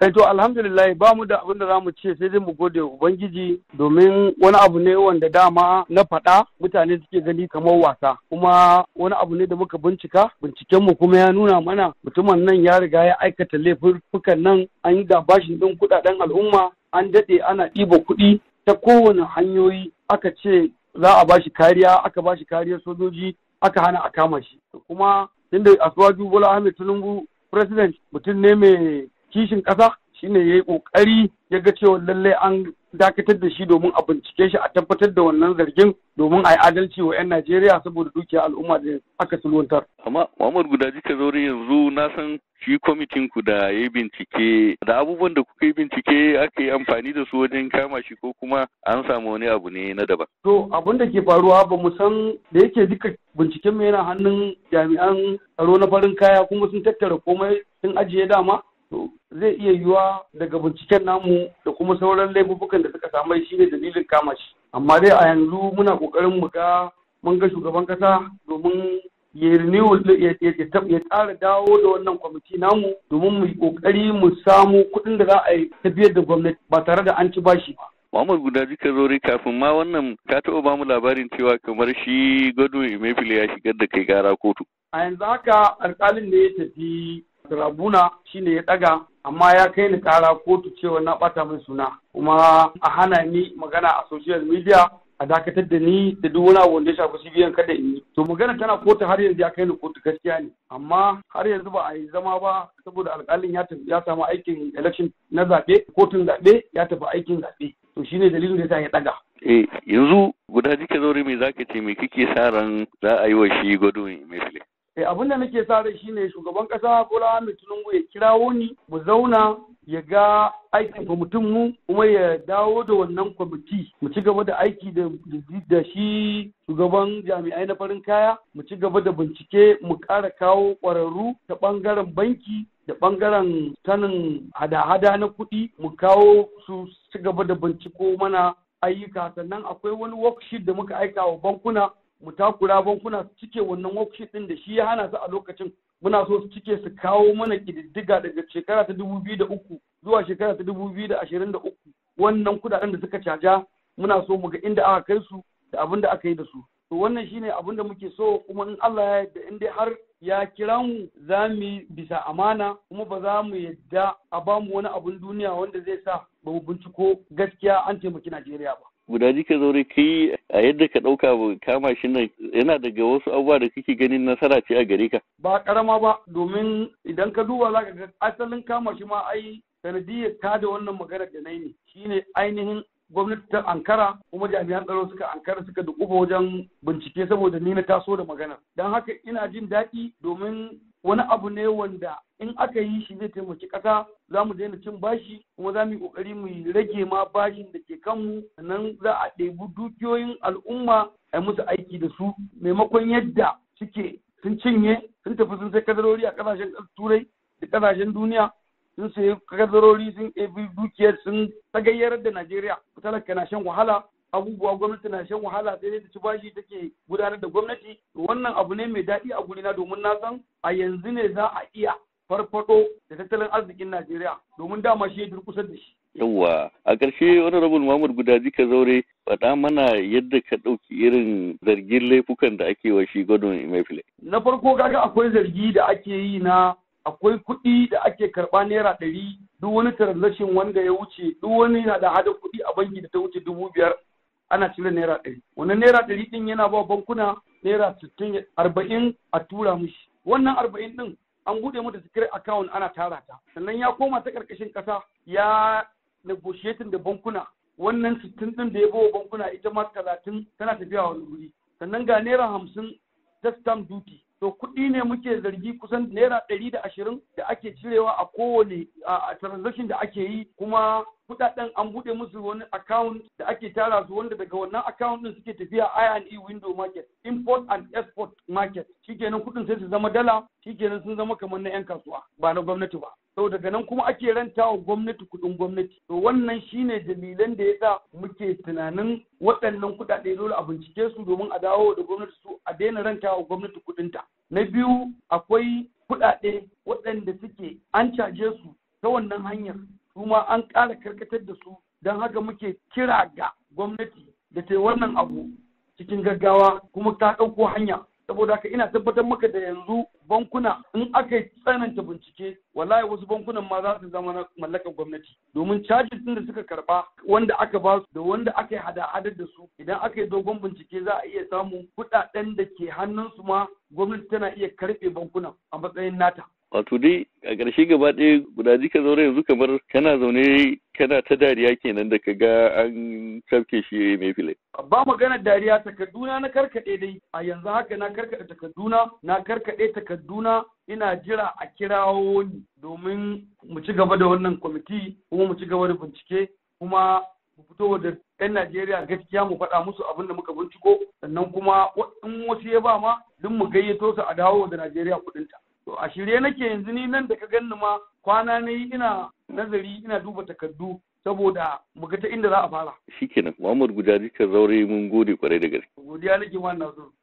Eh to alhamdulillah ba mu da abin da za mu ce sai dai mu gode Ubangiji domin wani abu ne wanda dama na faɗa mutane suke gani kamar wasa kuma wani abu ne da muka bincika binciken mu kuma ya nuna mana mutumin nan ya riga ya aikata laifukan nan an yi gabashin ɗin kuɗaɗen al'umma an daɗe ana ɗiba kuɗi ta kowane hanyoyi aka ce za a bashi kariya aka bashi kariya sojoji aka hana a kama shi kuma tunda Asuwaju Bola Ahmed Tinubu president mutum ne mai kishin ƙasa shine ya yi ƙoƙari ya ga cewa lallai an dakatar da shi domin a bincike shi a tabbatar da wannan zargin domin a yi adalci wa 'yan Najeriya saboda dukiya al'umma da aka sulwantar. Amma Muhammad Gudaji ka zaure yanzu na san shi kwamitin ku da ya bincike da abubuwan da kuka yi bincike aka amfani da su wajen kama shi ko kuma an samu wani abu ne na daban. To abin da ke faruwa ba mu san da yake duka binciken mu yana hannun jami'an tsaro na farin kaya kuma sun tattara komai sun ajiye dama. zai iya yiwuwa daga binciken namu da kuma sauran laifukan da suka samu shi ne dalilin kama shi amma dai a yanzu muna kokarin mu ga mun ga shugaban kasa domin ya tsara dawo da wannan kwamiti namu domin mu yi kokari mu samu kuɗin da za a yi tafiyar da gwamnati ba tare da an ci bashi ba Muhammad guda jika zori kafin ma wannan ka taɓa ba mu labarin cewa kamar shi Godwin Emefiele ya shigar da kai gara kotu. A yanzu haka alƙalin ne ya tafi Rabuna shine ya ɗaga amma ya kai ni kara kotu cewa na bata min suna kuma a hana ni magana a social media a dakatar da ni da duk wani abu da ya shafi cibiyan kada in yi to magana tana kotu har yanzu ya kai ni kotu gaskiya ne amma har yanzu ba a yi zama ba saboda alƙalin ya samu aikin election na zaɓe kotun zaɓe ya tafi aikin zaɓe to shine dalilin da yasa ya daga eh yanzu guda jika zaure me zaka ce me kike sa ran za a yi wa shi gado mai fili abin da nake sa rai shine shugaban kasa Bola Ahmed Tinubu ya kirawo ni mu zauna ya ga aikin kwamitin mu kuma ya dawo da wannan kwamiti mu ci gaba da aiki da shi shugaban jami'ai na farin kaya mu ci gaba da bincike mu ƙara kawo ƙwararru ta ɓangaren banki da ɓangaren sanin hada-hada na kuɗi mu kawo su ci gaba da binciko mana ayyuka sannan akwai wani workshop da muka aika wa bankuna mu takura bankuna su cike wannan workshop din da shi ya hana su a lokacin muna so su cike su kawo mana kididdiga daga shekara ta dubu zuwa shekara ta dubu biyu da da wannan kudaden da suka caja muna so mu ga inda aka kai su da abin da aka yi da su to wannan shine abin da muke so kuma in Allah ya yarda in dai har ya kira mu za mu bisa amana kuma ba za mu yadda a ba mu wani abun duniya wanda zai sa ba mu binciko gaskiya an taimaki Najeriya ba guda jika zaure kai a yadda ka ɗauka ba kama shi nan yana daga wasu abubuwa da kake ganin nasara ce a gare ka. Ba karama ba domin idan ka duba za ka ga asalin kama shi ma ai sanadiyar ta da wannan magana da na yi shine ainihin gwamnati ta ankara kuma jami'an tsaro suka ankara suka duƙufa wajen bincike saboda ni na taso da magana don haka ina jin daɗi domin wani abu ne wanda in aka yi shi zai taimaki ƙasa za mu daina cin bashi kuma za mu yi ƙoƙari mu rage ma bashin da ke kanmu Nan za a ɗebi dukiyoyin al'umma a musu aiki da su maimakon yadda suke sun cinye sun tafi sun sai kadarori a ƙasashen turai da ƙasashen duniya sun sayi kadarori sun ɗebi dukiyar sun tagayyar da najeriya talaka na shan wahala abubuwa gwamnati na shan wahala sai dai ta ci bashi take gudanar da gwamnati wannan abu ne mai daɗi a gurina domin na san a yanzu ne za a iya farfado da tattalin arzikin Najeriya domin dama shi ya durkusar da shi. Yawwa a ƙarshe wani rabin Muhammad guda ka zaure faɗa mana yadda ka ɗauki irin zargin laifukan da ake wa shi gwadon Imefile. Na farko kaga akwai zargi da ake yi na akwai kuɗi da ake karɓa naira ɗari duk wani transaction wanda ya wuce duk wani na da hada kuɗi a banki da ta wuce dubu biyar ana cire naira ɗari wannan naira ɗari ɗin yana ba bankuna naira sittin arba'in a tura mishi wannan arba'in ɗin an buɗe mata secret akawun ana tara ta sannan ya koma ta ƙarƙashin ƙasa ya negotiating da bankuna wannan sittin ɗin da ya bawa bankuna ita ma talatin tana tafiya wani wuri sannan ga naira hamsin ta stamp duty to kuɗi ne muke zargi kusan naira ɗari da ashirin da ake cirewa a kowane a transaction da ake yi kuma kuɗaɗen an buɗe musu wani account da ake tara su wanda daga wannan account ɗin suke tafiya I&E window market import and export market shikenan kuɗin sai su zama dala shi shikenan sun zama kamar na 'yan kasuwa ba na gwamnati ba to daga nan kuma ake rantawa gwamnati kuɗin gwamnati to wannan shine dalilan da yasa muke tunanin waɗannan kuɗaɗe dole a bincike su domin a dawo da gwamnati su a daina rantawa gwamnati kuɗinta na biyu akwai kuɗaɗe waɗanda suke an caje su ta wannan hanyar su an ƙara karkatar da su don haka muke kira ga gwamnati da ta wannan abu cikin gaggawa kuma ta ɗauko hanya saboda haka ina tabbatar maka da yanzu bankuna in aka yi tsananta bincike wallahi wasu bankunan ma za su zama na mallakar gwamnati domin charges din da suka karba wanda aka ba su da wanda aka yi hada-hadar da su idan aka yi dogon bincike za a iya samun kuɗaɗen da ke hannun su ma gwamnati tana iya karɓe bankuna a matsayin nata wato dai a ƙarshe gaba ɗaya guda jika zaure yanzu kamar kana zaune kana ta dariya kenan da ka ga an tafke shi mai file. Ba magana dariya takarduna na karkaɗe dai a yanzu haka na karkaɗe takarduna na karkaɗe takarduna ina jira a kirawo ni domin mu ci gaba da wannan kwamiti kuma mu ci gaba da bincike kuma mu fito da 'yan Najeriya gaskiya mu faɗa musu abin da muka binciko sannan kuma in wasu ya ba ma duk mu gayyato su a dawo da Najeriya kuɗinta. to a shirye nake yanzu ni nan da ka ganni ma kwana na ina nazari ina duba takardu saboda mu ga ta inda za a fara shikenan Muhammad Gujaji kan zaure mun gode kwarai da gaske godiya nake wannan